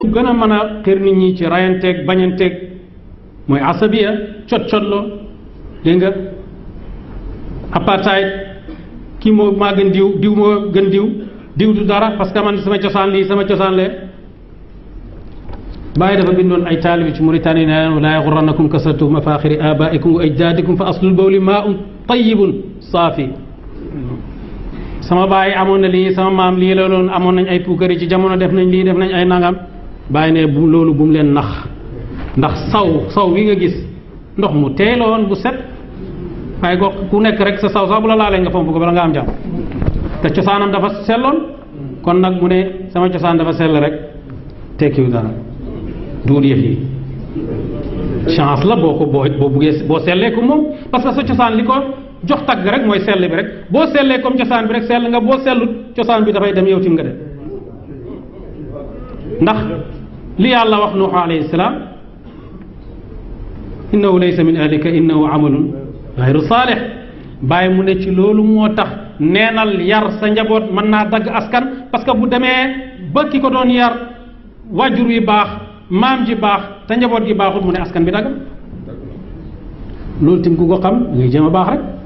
ku gën a mën a xër nit ñi ci rayanteeg bañanteeg mooy asabiya cot cotloo dégg nga apartheid kii moo maa gën diw diw gën diw diw du dara parce que man sama cosaan lii sama cosaan lee bàyyi dafa bindoon ay taalibi ci Mauritanie ne leen wala yaxurrannakum kasratu mafaaxiri abaikum wa ajdaadikum fa aslul bawli maaun tayibun saafi sama bàyyi amoon na lii sama maam lii la loon amoon nañ ay puukari ci jamono def nañ lii def nañ ay nangam bàyyi ne bu loolu bu mu leen nax ndax saw saw wi nga gis ndox mu teeloon bu set waaye gox ku nekk rek sa saw sax bu la laalee nga fomp ko bala nga am jàmm te cosaanam dafa selloon kon nag mu ne sama cosaan dafa sell rek tekkiwu dara duul yëf yi chance la boo ko boo boo buggee boo sellee ko moom parce que sa cosaan li ko jox tagg rek mooy sell bi rek boo sellee comme cosaan bi rek sell nga boo sellut cosaan bi dafay dem yow tim nga dem ndax li yàlla wax nuuxu alayhi salaam innahu laysa min ahlika innahu amalun gayru saalix bàyyi mu ne ci loolu moo tax neenal yar sa njaboot mën naa dagg askan parce que bu demee ba ki ko doon yar wàjjur wi baax maam ji baax te njaboot gi baaxul mu ne askan bi dagg loolu tim ku ko xam ngay jéem baax rek